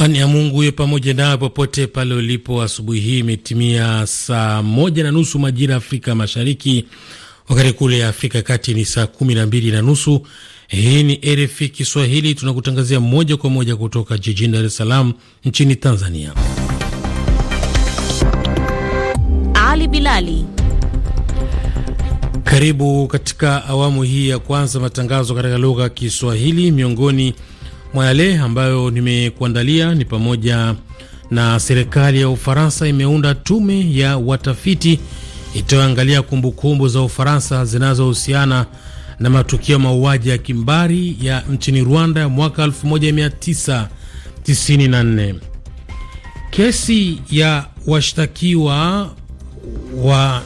Amani ya Mungu huyo pamoja nawe popote pale ulipo. Asubuhi hii imetimia saa moja na nusu majira Afrika Mashariki, wakati kule Afrika ya Kati ni saa kumi na mbili na nusu. Hii ni RFI Kiswahili, tunakutangazia moja kwa moja kutoka jijini Dar es Salaam nchini Tanzania. Ali Bilali, karibu katika awamu hii ya kwanza matangazo katika lugha ya Kiswahili. Miongoni mwa yale ambayo nimekuandalia ni pamoja na serikali ya Ufaransa imeunda tume ya watafiti itayoangalia kumbukumbu za Ufaransa zinazohusiana na matukio mauaji ya kimbari ya nchini Rwanda mwaka 1994. Kesi ya washtakiwa wa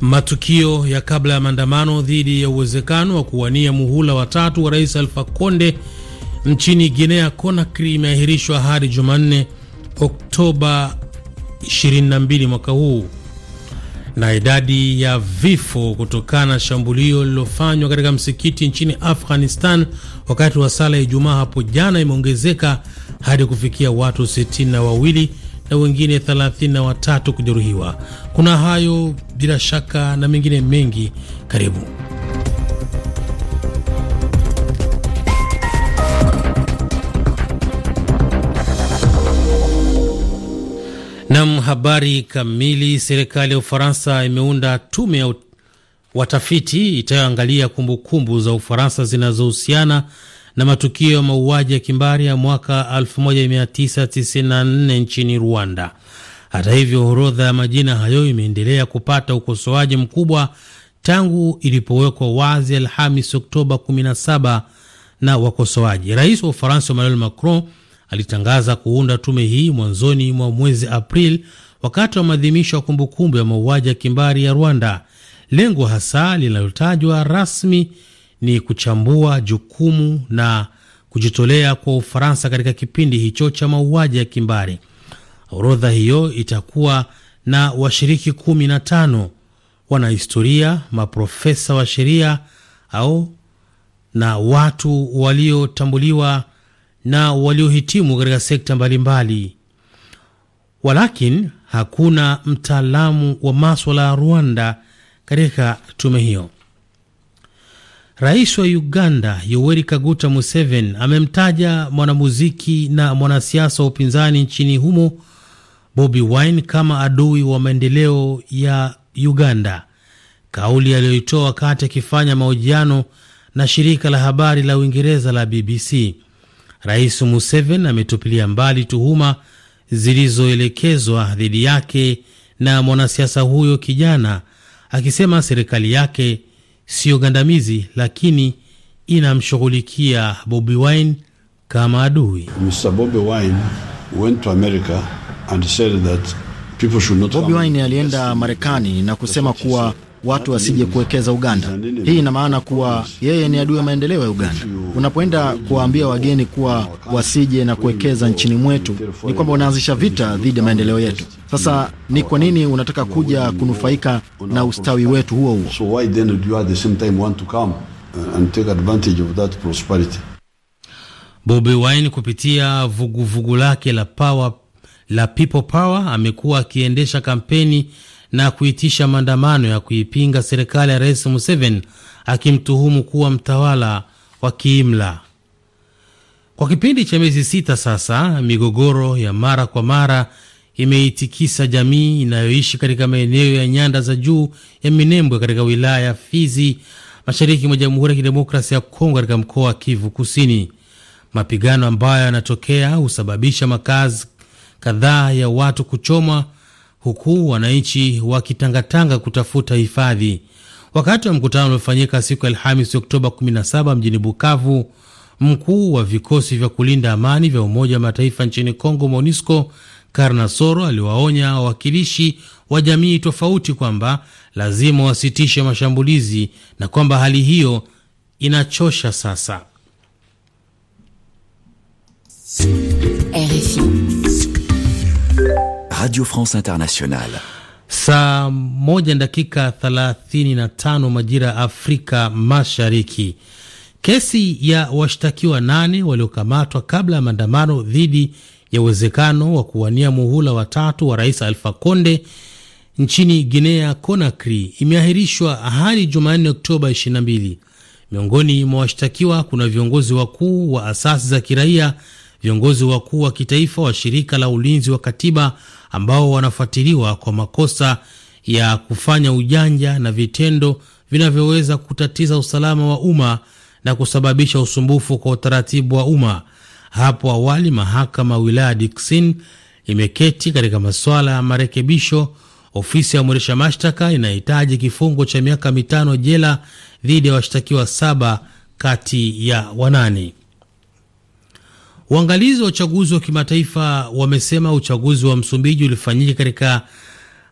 matukio ya kabla ya maandamano dhidi ya uwezekano wa kuwania muhula watatu wa Rais Alfa Konde Nchini Guinea Conakry imeahirishwa hadi Jumanne, Oktoba 22 mwaka huu, na idadi ya vifo kutokana na shambulio lililofanywa katika msikiti nchini Afghanistan wakati wa sala ya Ijumaa hapo jana imeongezeka hadi kufikia watu 62 na wengine 33 kujeruhiwa. Kuna hayo bila shaka na mengine mengi, karibu habari kamili. Serikali ya Ufaransa imeunda tume ya watafiti itayoangalia kumbukumbu za Ufaransa zinazohusiana na matukio ya mauaji ya kimbari ya mwaka 1994 nchini Rwanda. Hata hivyo, orodha ya majina hayo imeendelea kupata ukosoaji mkubwa tangu ilipowekwa wazi Alhamis Oktoba 17 na wakosoaji. Rais wa Ufaransa Emmanuel Macron alitangaza kuunda tume hii mwanzoni mwa mwezi Aprili wakati wa maadhimisho ya kumbukumbu ya mauaji ya kimbari ya Rwanda. Lengo hasa linalotajwa rasmi ni kuchambua jukumu na kujitolea kwa Ufaransa katika kipindi hicho cha mauaji ya kimbari. Orodha hiyo itakuwa na washiriki kumi na tano, wanahistoria, maprofesa wa sheria au na watu waliotambuliwa na waliohitimu katika sekta mbalimbali. Walakin hakuna mtaalamu wa maswala ya Rwanda katika tume hiyo. Rais wa Uganda Yoweri Kaguta Museveni amemtaja mwanamuziki na mwanasiasa wa upinzani nchini humo Bobi Wine kama adui wa maendeleo ya Uganda, kauli aliyoitoa wakati akifanya mahojiano na shirika la habari la Uingereza la BBC. Rais Museveni ametupilia mbali tuhuma zilizoelekezwa dhidi yake na mwanasiasa huyo kijana, akisema serikali yake siyo gandamizi, lakini inamshughulikia Bobi Wine kama adui. Bobi Wine alienda Marekani na kusema kuwa watu wasije kuwekeza Uganda. Hii ina maana kuwa yeye ni adui ya maendeleo ya Uganda. Unapoenda kuwaambia wageni kuwa wasije na kuwekeza nchini mwetu, ni kwamba unaanzisha vita dhidi ya maendeleo yetu. Sasa ni kwa nini unataka kuja kunufaika na ustawi wetu huo huo? Uh, Bobi Wine kupitia vuguvugu vugu lake la power, la people power amekuwa akiendesha kampeni na kuitisha maandamano ya kuipinga serikali ya Rais Museveni akimtuhumu kuwa mtawala wa kiimla. Kwa kipindi cha miezi sita sasa, migogoro ya mara kwa mara imeitikisa jamii inayoishi katika maeneo ya nyanda za juu ya Minembwe katika wilaya ya Fizi, mashariki mwa Jamhuri ya Kidemokrasia ya Kongo, katika mkoa wa Kivu Kusini. Mapigano ambayo yanatokea husababisha makazi kadhaa ya watu kuchomwa huku wananchi wakitangatanga kutafuta hifadhi. Wakati wa mkutano uliofanyika siku ya Alhamis Oktoba 17 mjini Bukavu, mkuu wa vikosi vya kulinda amani vya Umoja wa Mataifa nchini Congo, MONUSCO, Karnasoro aliwaonya wawakilishi wa jamii tofauti kwamba lazima wasitishe mashambulizi na kwamba hali hiyo inachosha sasa. RFI. Radio France Internationale. Saa moja na dakika 35 majira ya Afrika Mashariki. Kesi ya washtakiwa nane waliokamatwa kabla ya maandamano dhidi ya uwezekano wa kuwania muhula watatu wa rais Alfa Conde nchini Guinea Conakry imeahirishwa hadi Jumanne, Oktoba 22. Miongoni mwa washtakiwa kuna viongozi wakuu wa asasi za kiraia, viongozi wakuu wa kitaifa wa shirika la ulinzi wa katiba ambao wanafuatiliwa kwa makosa ya kufanya ujanja na vitendo vinavyoweza kutatiza usalama wa umma na kusababisha usumbufu kwa utaratibu wa umma. Hapo awali mahakama wilaya Diksin imeketi katika masuala ya marekebisho. Ofisi ya mwendesha mashtaka inahitaji kifungo cha miaka mitano jela dhidi ya washtakiwa saba kati ya wanane. Waangalizi wa uchaguzi wa kimataifa wamesema uchaguzi wa Msumbiji ulifanyika katika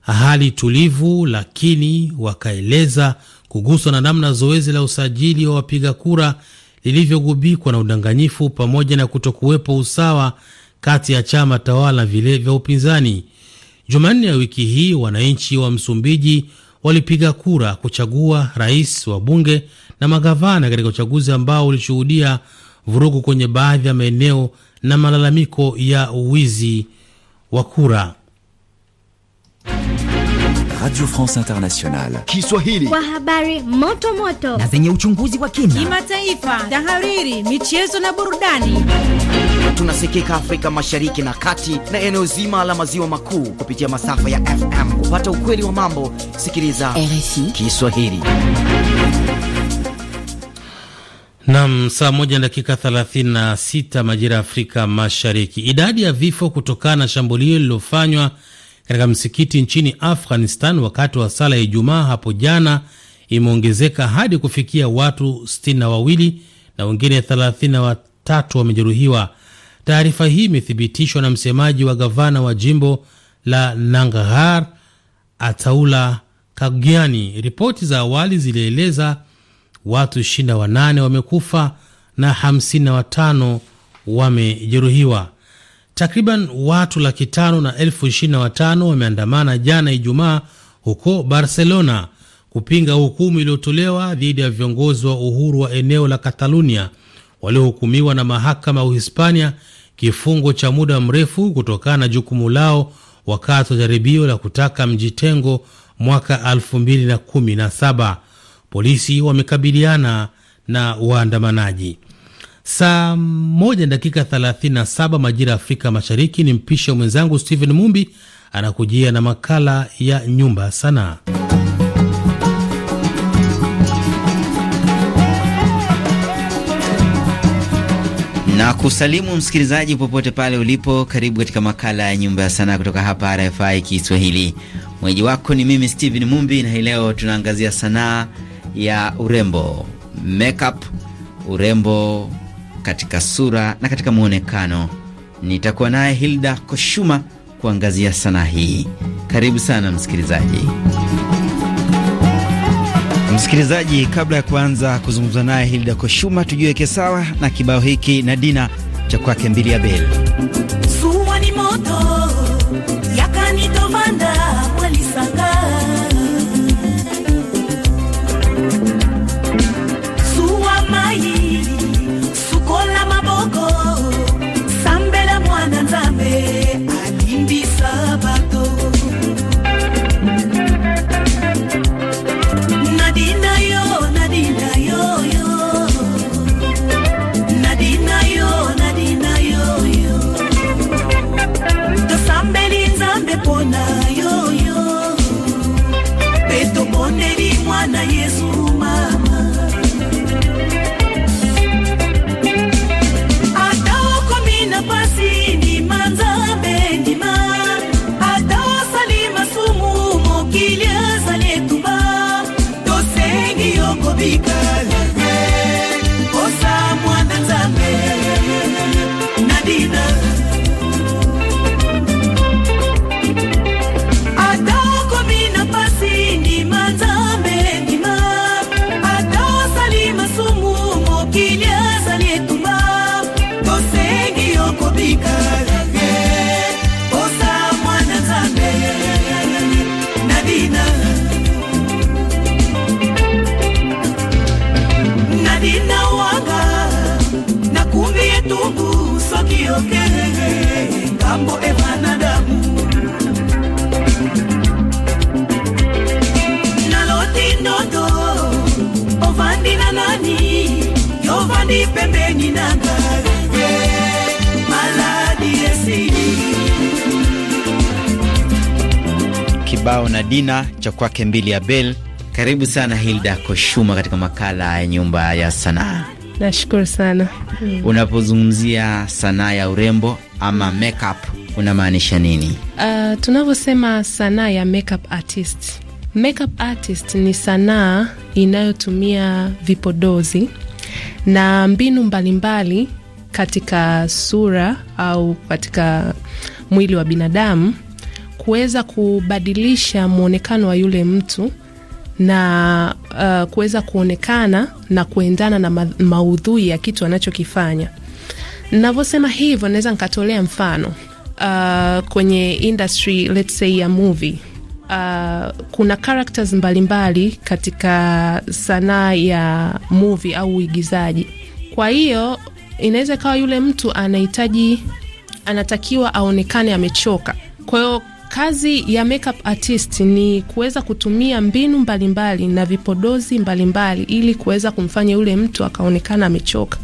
hali tulivu, lakini wakaeleza kuguswa na namna zoezi la usajili wa wapiga kura lilivyogubikwa na udanganyifu pamoja na kutokuwepo usawa kati ya chama tawala vile vya upinzani. Jumanne ya wiki hii wananchi wa Msumbiji walipiga kura kuchagua rais wa bunge na magavana katika uchaguzi ambao ulishuhudia vurugu kwenye baadhi ya maeneo na malalamiko ya uwizi wa kura. Radio France Internationale Kiswahili kwa habari moto moto na zenye uchunguzi wa kina, kimataifa, tahariri, michezo na burudani. Tunasikika Afrika Mashariki na Kati na eneo zima la maziwa makuu kupitia masafa ya FM. Kupata ukweli wa mambo, sikiliza RFI Kiswahili. Nam, saa moja na dakika 36 majira ya Afrika Mashariki. Idadi ya vifo kutokana na shambulio lililofanywa katika msikiti nchini Afghanistan wakati wa sala ya Ijumaa hapo jana imeongezeka hadi kufikia watu 62 na wawili na wengine 33 wamejeruhiwa. Taarifa hii imethibitishwa na msemaji wa gavana wa jimbo la Nangarhar, Ataula Kagiani. Ripoti za awali zilieleza watu 28 wamekufa na 55 wamejeruhiwa. Takriban watu laki tano na elfu ishirini na watano wameandamana jana Ijumaa huko Barcelona kupinga hukumu iliyotolewa dhidi ya viongozi wa uhuru wa eneo la Katalunia waliohukumiwa na mahakama ya Uhispania kifungo cha muda mrefu kutokana na jukumu lao wakati wa jaribio la kutaka mjitengo mwaka 2017 polisi wamekabiliana na waandamanaji. Saa moja dakika 37 majira ya Afrika Mashariki, ni mpishe mwenzangu Stephen Mumbi anakujia na makala ya Nyumba ya Sanaa. na kusalimu msikilizaji popote pale ulipo. Karibu katika makala ya nyumba ya sanaa kutoka hapa RFI Kiswahili. Mwenyeji wako ni mimi Steven Mumbi, na hii leo tunaangazia sanaa ya urembo makeup, urembo katika sura na katika mwonekano. Nitakuwa naye Hilda Koshuma kuangazia sanaa hii. Karibu sana msikilizaji. Msikilizaji, kabla ya kuanza kuzungumza naye Hilda Koshuma, tujiweke sawa na kibao hiki na Dina cha kwake mbili ya beli. Suwa ni moto yakanitovanda pembeni na maladi kibao na Dina cha kwake mbili ya bel Karibu sana Hilda Koshuma katika makala ya nyumba ya sanaa. Nashukuru sana. Hmm, Unapozungumzia sanaa ya urembo ama makeup unamaanisha nini? Uh, tunavyosema sanaa ya makeup artist. Makeup artist ni sanaa inayotumia vipodozi na mbinu mbalimbali mbali katika sura au katika mwili wa binadamu kuweza kubadilisha mwonekano wa yule mtu na uh, kuweza kuonekana na kuendana na ma maudhui ya kitu anachokifanya. Navyosema hivyo, naweza nikatolea mfano uh, kwenye industry let's say ya movie uh, kuna characters mbalimbali katika sanaa ya movie au uigizaji. Kwa hiyo inaweza ikawa yule mtu anahitaji, anatakiwa aonekane amechoka. Kwa hiyo kazi ya makeup artist ni kuweza kutumia mbinu mbalimbali mbali na vipodozi mbalimbali mbali, ili kuweza kumfanya yule mtu akaonekana amechoka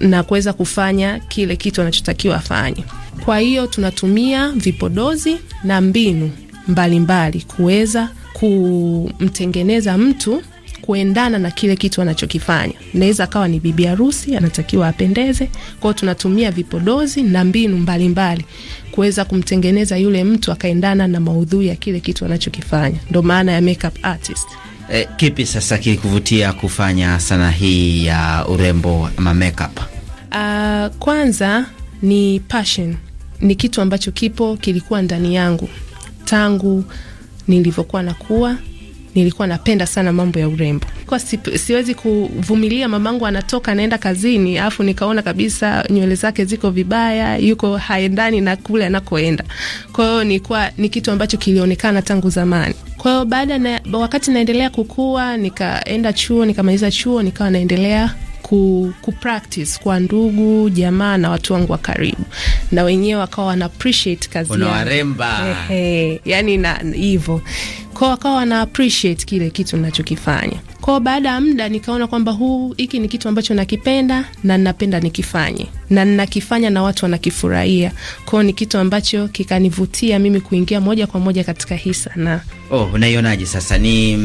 na kuweza kufanya kile kitu anachotakiwa afanye. Kwa hiyo tunatumia vipodozi na mbinu mbalimbali kuweza kumtengeneza mtu kuendana na kile kitu anachokifanya. Naweza akawa ni bibi harusi, anatakiwa apendeze. Kwa hiyo tunatumia vipodozi na mbinu mbalimbali kuweza kumtengeneza yule mtu akaendana na maudhui ya kile kitu anachokifanya. Ndo maana ya makeup artist. E, kipi sasa kilikuvutia kufanya sanaa hii ya urembo ama makeup? Uh, kwanza ni passion, ni kitu ambacho kipo kilikuwa ndani yangu tangu nilivyokuwa nakuwa nilikuwa napenda sana mambo ya urembo kwa si, siwezi kuvumilia mamangu anatoka anaenda kazini, alafu nikaona kabisa nywele zake ziko vibaya, yuko haendani na kule anakoenda. Kwa hiyo nilikuwa ni kitu ambacho kilionekana tangu zamani. Kwa hiyo baada na, wakati naendelea kukua, nikaenda chuo, nikamaliza chuo, nikawa naendelea ku, ku practice kwa ndugu jamaa na watu wangu wa karibu, na wenyewe wakawa wana appreciate kazi yangu, waremba ehe, yani na hivyo kwao, wakawa wana appreciate kile kitu ninachokifanya. Kwao baada ya muda nikaona kwamba huu hiki ni kitu ambacho nakipenda na ninapenda nikifanye na ninakifanya na watu wanakifurahia. Kwao ni kitu ambacho kikanivutia mimi kuingia moja kwa moja katika hii sanaa. Oh, unaionaje sasa ni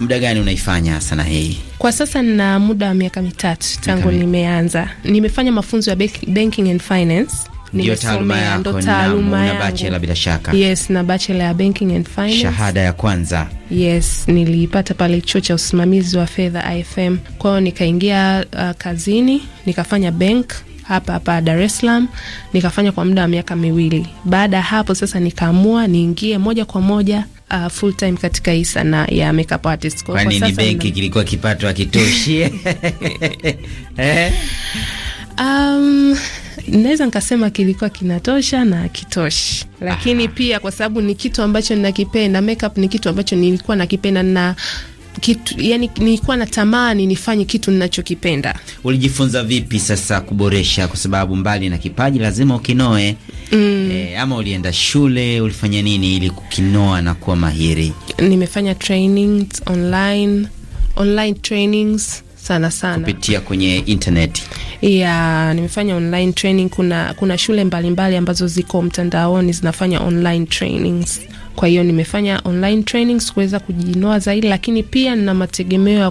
muda gani unaifanya sana hii? Kwa sasa nina muda wa miaka mitatu tangu nimeanza. Nimefanya mafunzo ya banking and finance ndio taaluma yako? Na bachelor bila shaka? Yes, na bachelor ya banking and finance. Shahada ya kwanza? Yes, niliipata pale chuo cha usimamizi wa fedha IFM. Kwa hiyo nikaingia uh, kazini nikafanya bank hapa hapa Dar es Salaam nikafanya kwa muda wa miaka miwili. Baada ya hapo sasa nikaamua niingie moja kwa moja uh, full time katika hii sana ya makeup artist. Kwa nini benki kilikuwa kipato hakitoshi? eh? Um, naweza nikasema kilikuwa kinatosha na kitoshi lakini Aha. pia kwa sababu ni kitu ambacho ninakipenda, makeup ni kitu ambacho nilikuwa nakipenda na kitu, yani nilikuwa natamani nifanye kitu ninachokipenda. Ulijifunza vipi sasa kuboresha, kwa sababu mbali na kipaji lazima ukinoe? Mm. E, ama ulienda shule, ulifanya nini ili kukinoa na kuwa mahiri? Nimefanya trainings online, online trainings sana sana kupitia kwenye internet ya nimefanya online training. Kuna, kuna shule mbalimbali mbali ambazo ziko mtandaoni zinafanya online trainings kwa hiyo nimefanya online trainings kuweza kujinoa zaidi, lakini pia nina mategemeo ya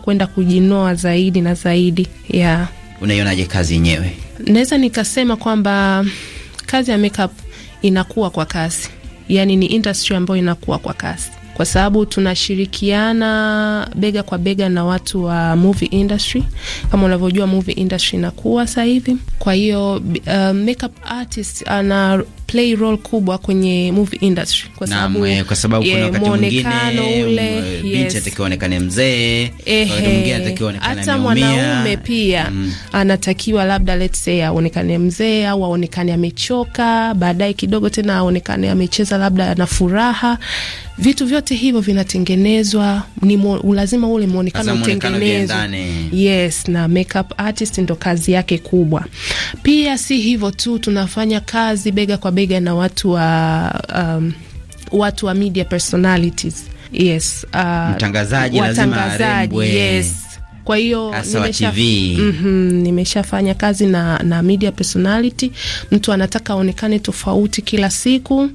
kwenda kujinoa zaidi na zaidi yeah. Unaionaje kazi yenyewe? Naweza nikasema kwamba kazi ya makeup inakuwa kwa kasi, yani ni industry ambayo inakuwa kwa kasi kwa sababu tunashirikiana bega kwa bega na watu wa movie industry. Kama unavyojua movie industry inakuwa sasa hivi, kwa hiyo uh, makeup artist ana play role kubwa kwenye movie industry kwa sababu na, eh, kwa sababu kuna wakati mwingine mm, ule binti atakionekana mzee, wakati mwingine atakionekana onekane hata mwanaume pia mm, anatakiwa labda let's say aonekane mzee au aonekane amechoka, baadaye kidogo tena aonekane amecheza labda na furaha. Vitu vyote hivyo vinatengenezwa, ni lazima ule muonekano utengenezwe. Yes, na makeup artist ndo kazi yake kubwa. Pia si hivyo tu, tunafanya kazi bega kwa bega na watu wa um, watu wa media personalities yes. Uh, mtangazaji lazima arembwe yes. Kwa hiyo mhm, nimeshafanya mm -hmm, kazi na, na media personality. Mtu anataka aonekane tofauti kila siku,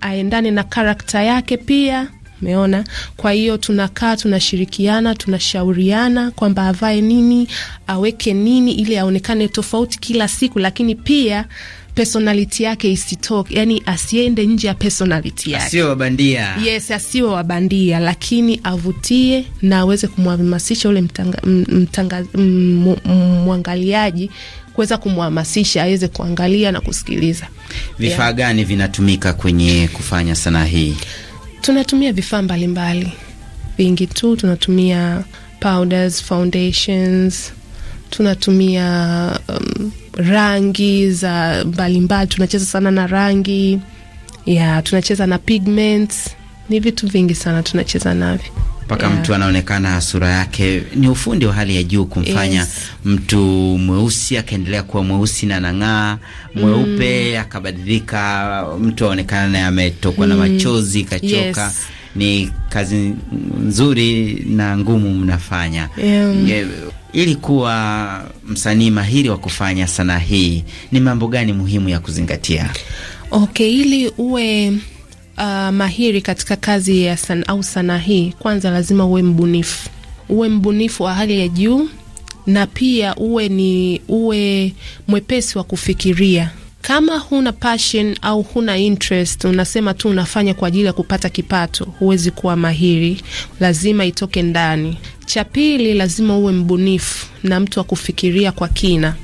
aendane na karakta yake pia meona kwa hiyo tunakaa, tunashirikiana, tunashauriana kwamba avae nini, aweke nini, ili aonekane tofauti kila siku, lakini pia personality yake isitoke, yani asiende nje ya personality yake, asiwe wabandia. Yes, asiwe wabandia, lakini avutie na aweze kumhamasisha ule mwangaliaji kuweza kumhamasisha aweze kuangalia na kusikiliza. Vifaa yeah, gani vinatumika kwenye kufanya sanaa hii? Tunatumia vifaa mbalimbali vingi tu, tunatumia powders, foundations tunatumia um, rangi za mbalimbali, tunacheza sana na rangi yeah, tunacheza na pigments. Ni vitu vingi sana tunacheza navyo mpaka yeah, mtu anaonekana sura yake. Ni ufundi wa hali ya juu kumfanya yes, mtu mweusi akaendelea kuwa mweusi na nang'aa, mweupe mm, akabadilika, mtu aonekana ametokwa mm, na machozi kachoka, yes. Ni kazi nzuri na ngumu mnafanya yeah. Yeah ili kuwa msanii mahiri wa kufanya sanaa hii ni mambo gani muhimu ya kuzingatia? Okay, ili uwe uh, mahiri katika kazi ya san, au sanaa hii, kwanza lazima uwe mbunifu, uwe mbunifu wa hali ya juu, na pia uwe ni uwe mwepesi wa kufikiria. Kama huna passion au huna interest, unasema tu unafanya kwa ajili ya kupata kipato, huwezi kuwa mahiri. Lazima itoke ndani. Cha pili, lazima uwe mbunifu na mtu wa kufikiria kwa kina,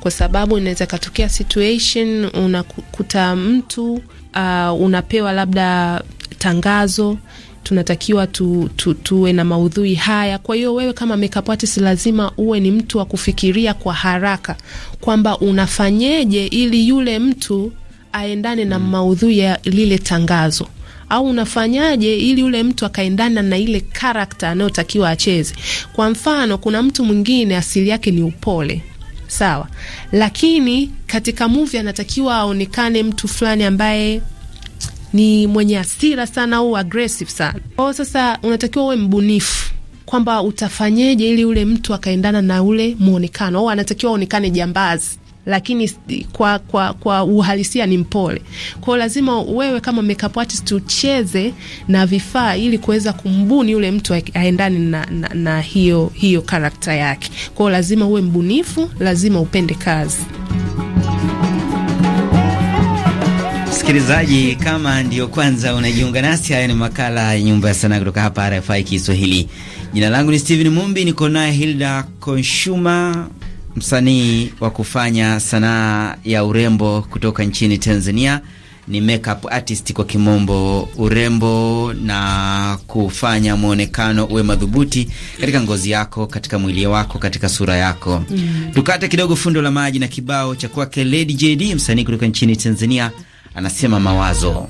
kwa sababu inaweza ikatokea situation unakuta mtu uh, unapewa labda tangazo tunatakiwa tu, tu, tuwe na maudhui haya. Kwa hiyo wewe kama makeup artist lazima uwe ni mtu wa kufikiria kwa haraka kwamba unafanyeje ili yule mtu aendane na mm. maudhui ya lile tangazo au unafanyaje ili ule mtu akaendana na ile karakta anayotakiwa acheze. Kwa mfano, kuna mtu mwingine asili yake ni upole sawa, lakini katika movie anatakiwa aonekane mtu fulani ambaye ni mwenye hasira sana au aggressive sana. Kwa sasa unatakiwa uwe mbunifu kwamba utafanyeje ili ule mtu akaendana na ule muonekano, au anatakiwa aonekane jambazi lakini kwa, kwa, kwa uhalisia ni mpole. Kwao lazima wewe kama makeup artist ucheze na vifaa ili kuweza kumbuni yule mtu aendane na, na, na hiyo, hiyo karakta yake. Kwao lazima uwe mbunifu, lazima upende kazi. Msikilizaji, kama ndiyo kwanza unajiunga nasi, haya ni makala ya Nyumba ya Sanaa kutoka hapa RFI Kiswahili. Jina langu ni Steven Mumbi, niko naye Hilda Konshuma msanii wa kufanya sanaa ya urembo kutoka nchini Tanzania ni makeup artist kwa kimombo, urembo na kufanya mwonekano uwe madhubuti katika ngozi yako, katika mwili wako, katika sura yako. Mm. Tukate kidogo fundo la maji na kibao cha kwake Lady JD, msanii kutoka nchini Tanzania, anasema mawazo.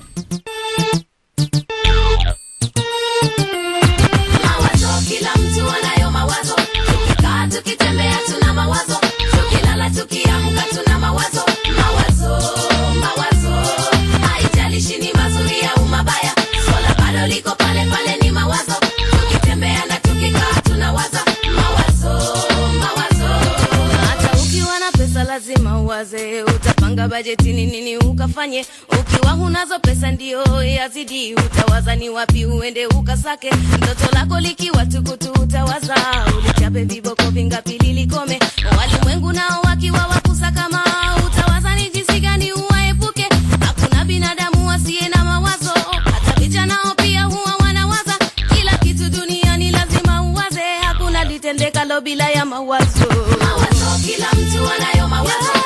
Chuma bajeti ni nini ukafanye, ukiwa hunazo pesa ndio eh, yazidi, utawaza ni wapi uende ukasake, ndoto lako likiwa tukutu utawaza ulichape viboko vingapi lilikome, walimwengu nao wakiwa wakusakama, utawaza ni jinsi gani uwaepuke. Hakuna binadamu asiye na mawazo, hata picha nao pia huwa wanawaza. Kila kitu duniani lazima uwaze, hakuna litendekalo bila ya mawazo. Mawazo, kila mtu anayo mawazo.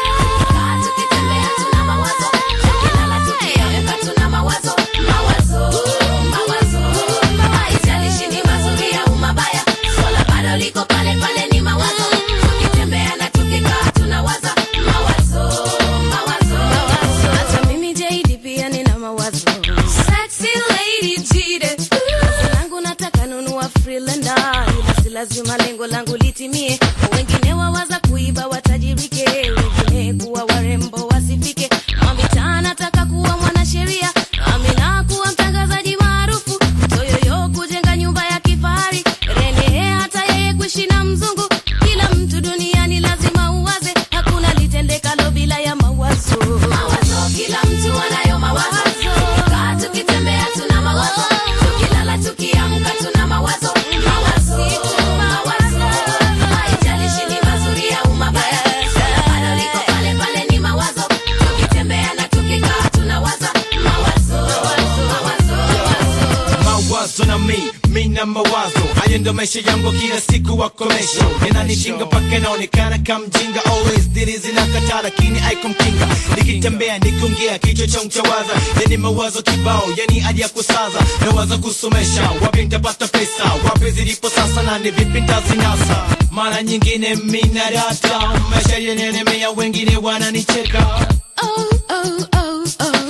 na mawazo hayo ndo maisha yangu kila siku wakomesho yananishinga paka naonekana kamjinga always dili zinakataa lakini aikumkinga nikitembea nikungia kichwa cha mchawaza yani mawazo kibao yani hadi ya kusaza nawaza kusomesha wapi nitapata pesa wapi zilipo sasa na ni vipi ntazinasa mara nyingine minarata maisha yenenemea wengine wananicheka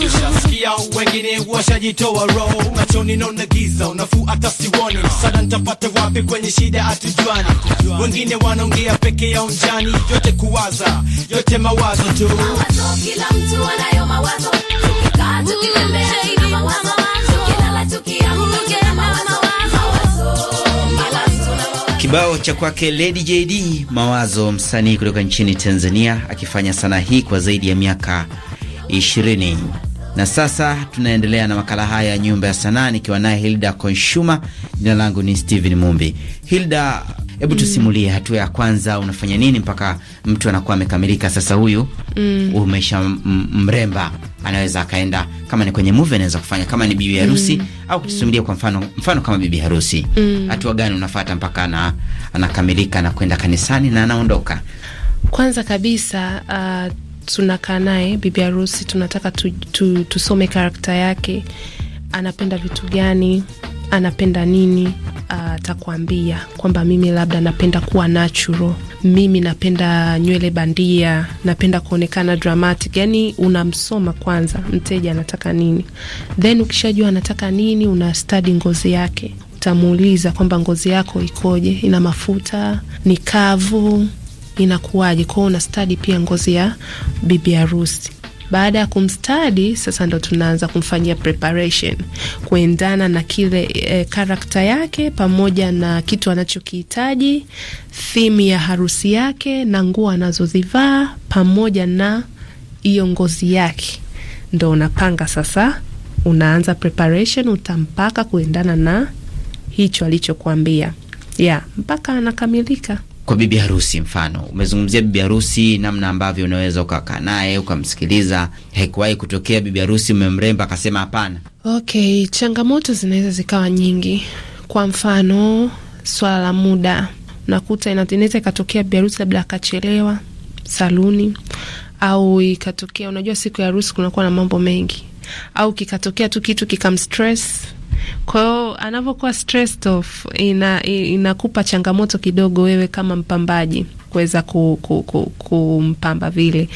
Ishasikia wengine washajitoa roho, machoni naona giza, unafuu hata siwoni. Sala nitapata wapi kwenye shida hatujuani? Wengine wanaongea peke yao mjani, yote kuwaza, yote mawazo tu. Mawazo, kila mtu anayo mawazo, tukikaa tukitembea ina mawazo, tukilala tukiamka Kibao cha kwake Lady JD Mawazo, msanii kutoka nchini Tanzania, akifanya sanaa hii kwa zaidi ya miaka 20. Na sasa tunaendelea na makala haya ya Nyumba ya Sanaa nikiwa naye Hilda Konshuma. Jina langu ni Steven Mumbi. Hilda, hebu tusimulie mm. hatua ya kwanza unafanya nini mpaka mtu anakuwa amekamilika sasa, huyu mm. umesha mremba anaweza akaenda kama ni kwenye movie anaweza kufanya kama ni bibi harusi mm. au kutusimulia kwa mfano, mfano kama bibi harusi mm. hatua mm. gani unafata mpaka ana, anakamilika na kwenda kanisani na anaondoka. Kwanza kabisa uh, tunakaa naye bibi harusi, tunataka tu, tu, tusome karakta yake anapenda vitu gani, anapenda nini atakwambia kwamba mimi labda napenda kuwa natural, mimi napenda nywele bandia, napenda kuonekana dramatic. Yani unamsoma kwanza mteja anataka nini, then ukishajua anataka nini, una study ngozi yake. Utamuuliza kwamba ngozi yako ikoje, ina mafuta, ni kavu, inakuwaje? Kwao una stadi pia ngozi ya bibi harusi. Baada ya kumstadi sasa, ndo tunaanza kumfanyia preparation kuendana na kile e, eh, karakta yake pamoja na kitu anachokihitaji, thimu ya harusi yake na nguo anazozivaa pamoja na hiyo ngozi yake, ndo unapanga sasa, unaanza preparation, utampaka kuendana na hicho alichokuambia, yeah, mpaka anakamilika kwa bibi harusi. Mfano, umezungumzia bibi harusi, namna ambavyo unaweza ukakaa naye ukamsikiliza. Haikuwahi kutokea bibi harusi umemremba akasema hapana? Okay, changamoto zinaweza zikawa nyingi. Kwa mfano, swala la muda, nakuta inaweza ikatokea bibi harusi labda akachelewa saluni, au ikatokea, unajua siku ya harusi kunakuwa na mambo mengi, au kikatokea tu kitu kikamstress kwa hiyo anavyokuwa stressed off ina, inakupa changamoto kidogo wewe kama mpambaji kuweza kumpamba ku, ku, ku vile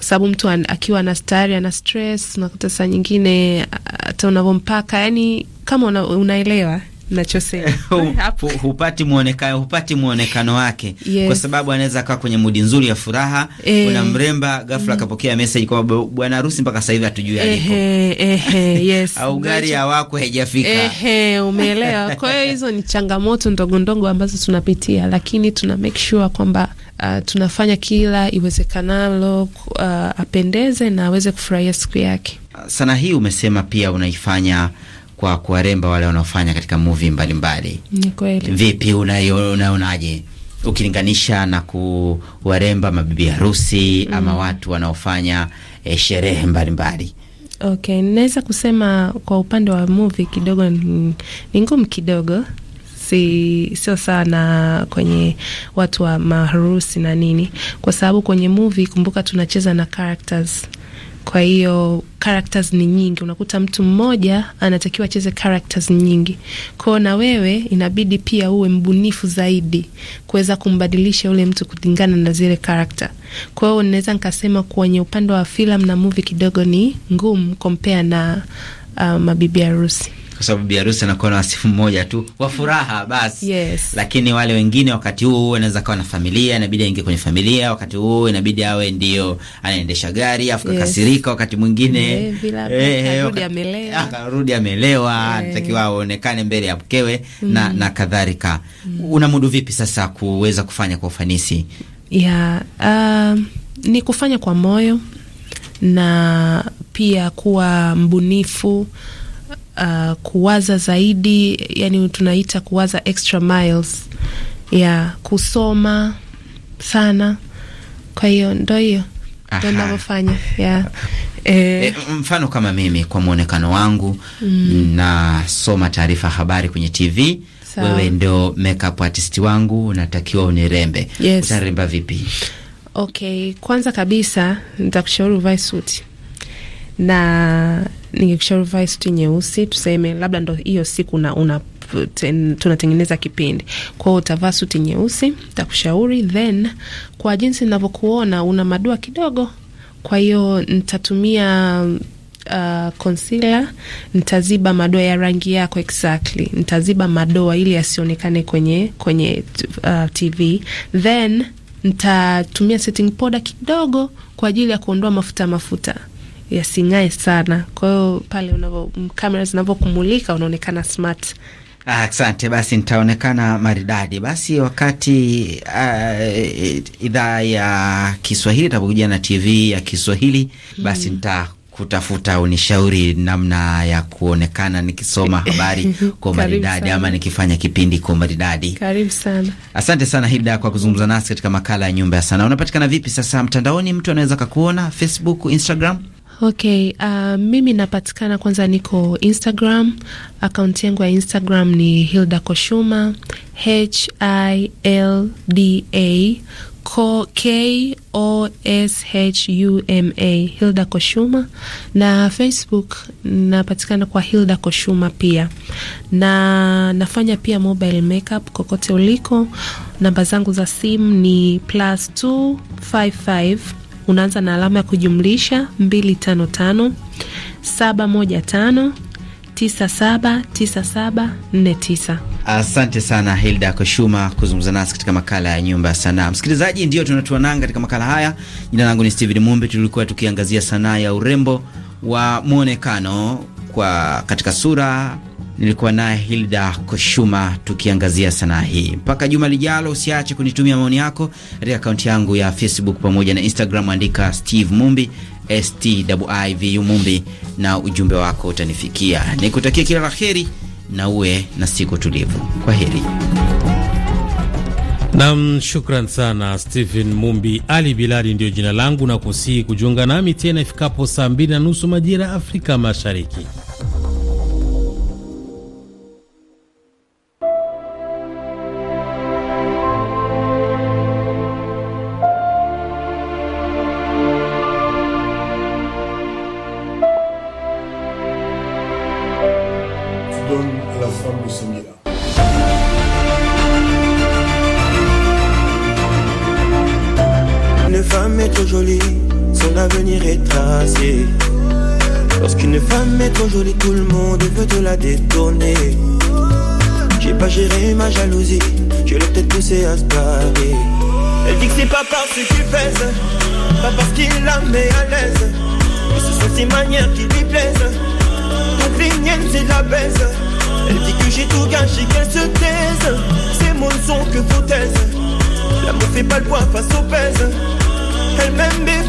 sababu mtu an, akiwa na stari ana stress unakuta saa nyingine hata unavyompaka yani kama una, unaelewa nachosema eh, hupati muonekano hupati muonekano wake yes. Kwa sababu anaweza kaa kwenye mudi nzuri ya furaha eh. Kuna mremba ghafla akapokea mm. meseji kwamba bwana harusi mpaka sasa hivi hatujui aliko yes. au gari ya wako haijafika. Umeelewa? Kwa hiyo hizo ni changamoto ndogo ndogo ambazo tunapitia, lakini tuna make sure kwamba Uh, tunafanya kila iwezekanalo uh, apendeze na aweze kufurahia siku yake. sana hii umesema pia unaifanya kwa kuwaremba wale wanaofanya katika movie mbalimbali. Ni kweli. Vipi unaonaje ukilinganisha na kuwaremba mabibi harusi mm, ama mm-hmm. watu wanaofanya eh, sherehe mbalimbali? Okay, naweza kusema kwa upande wa movie kidogo ni ngumu kidogo si sio sana kwenye watu wa maharusi na nini, kwa sababu kwenye movie, kumbuka tunacheza na characters kwa hiyo characters ni nyingi, unakuta mtu mmoja anatakiwa acheze characters nyingi. Kwao na wewe inabidi pia uwe mbunifu zaidi kuweza kumbadilisha ule mtu kulingana na zile character. Kwa hiyo naweza nikasema kwenye upande wa filamu na movie kidogo ni ngumu compare na uh, mabibi harusi kwa sababu biharusi anakuwa na wasifu mmoja tu wa furaha basi. Yes. Lakini wale wengine wakati huu anaweza kawa na familia, inabidi aingie kwenye familia, wakati huu inabidi awe ndio anaendesha gari afu kakasirika. Yes. Wakati mwingine eh, akarudi amelewa, anatakiwa aonekane mbele ya mkewe mm. na, na kadhalika mm. unamudu vipi sasa kuweza kufanya kwa ufanisi? Yeah, uh, um, ni kufanya kwa moyo na pia kuwa mbunifu uh, kuwaza zaidi, yani tunaita kuwaza extra miles ya kusoma sana. Kwa hiyo ndo hiyo ndo navyofanya yeah. E, eh. mfano kama mimi kwa mwonekano wangu mm. nasoma taarifa habari kwenye TV so. Wewe ndo makeup artist wangu, natakiwa unirembe. Yes. Utaremba vipi? Okay, kwanza kabisa nitakushauri uvae suti na ningekushauri vaa suti nyeusi, tuseme labda ndo hiyo siku na una ten, tunatengeneza kipindi. Kwa hiyo utavaa suti nyeusi, takushauri then, kwa jinsi ninavyokuona una madoa kidogo, kwa hiyo nitatumia Uh, concealer nitaziba madoa ya rangi yako exactly, nitaziba madoa ili yasionekane kwenye kwenye uh, TV then nitatumia setting powder kidogo kwa ajili ya kuondoa mafuta mafuta yasingae sana. Kwa hiyo pale unavyo kamera zinavyokumulika unaonekana smart. Asante basi nitaonekana maridadi. Basi wakati uh, idhaa ya Kiswahili itapokuja na TV ya Kiswahili basi nita hmm. nitakutafuta unishauri namna ya kuonekana nikisoma habari kwa maridadi ama nikifanya kipindi kwa maridadi. Karibu sana. Asante sana Hilda kwa kuzungumza nasi katika makala ya Nyumba ya Sanaa. Unapatikana vipi sasa mtandaoni? Mtu anaweza kakuona Facebook, Instagram? Okay, uh, mimi napatikana kwanza, niko Instagram. Akaunti yangu ya Instagram ni Hilda Koshuma, H I L D A K O S H U M A, Hilda Koshuma. Na Facebook napatikana kwa Hilda Koshuma pia, na nafanya pia mobile makeup kokote uliko. Namba zangu za simu ni plus 255 unaanza na alama ya kujumlisha 255 715 Asante sana Hilda Koshuma kuzungumza nasi katika makala ya nyumba ya sanaa. Msikilizaji, ndio tunatua nanga katika makala haya. Jina langu ni Steven Mumbe. Tulikuwa tukiangazia sanaa ya urembo wa mwonekano kwa katika sura nilikuwa naye Hilda Koshuma tukiangazia sanaa hii. Mpaka juma lijalo, usiache kunitumia maoni yako katika akaunti yangu ya Facebook pamoja na Instagram, andika Steve Mumbi Stivu Mumbi na ujumbe wako utanifikia. Nikutakia kila la heri na uwe na siku tulivu. Kwa heri. Nam, shukran sana Stephen Mumbi. Ali Biladi ndiyo jina langu na kusihi kujiunga nami tena ifikapo saa mbili na nusu majira ya Afrika Mashariki.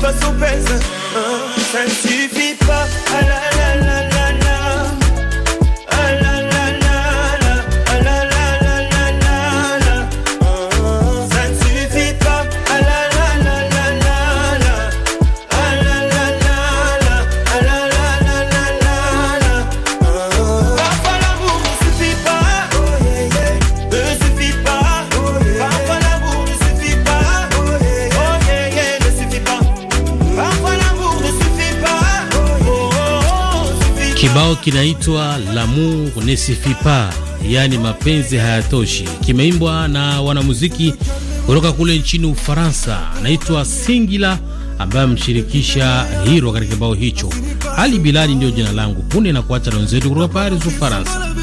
pas pèse hein, Ça suffit pas. kibao kinaitwa Lamour ne suffit pas, yaani mapenzi hayatoshi, kimeimbwa na wanamuziki kutoka kule nchini Ufaransa, anaitwa Singila ambaye amshirikisha Hiro katika kibao hicho. Ali Bilali ndiyo jina langu punde na kuacha na wenzetu kutoka Paris, Ufaransa.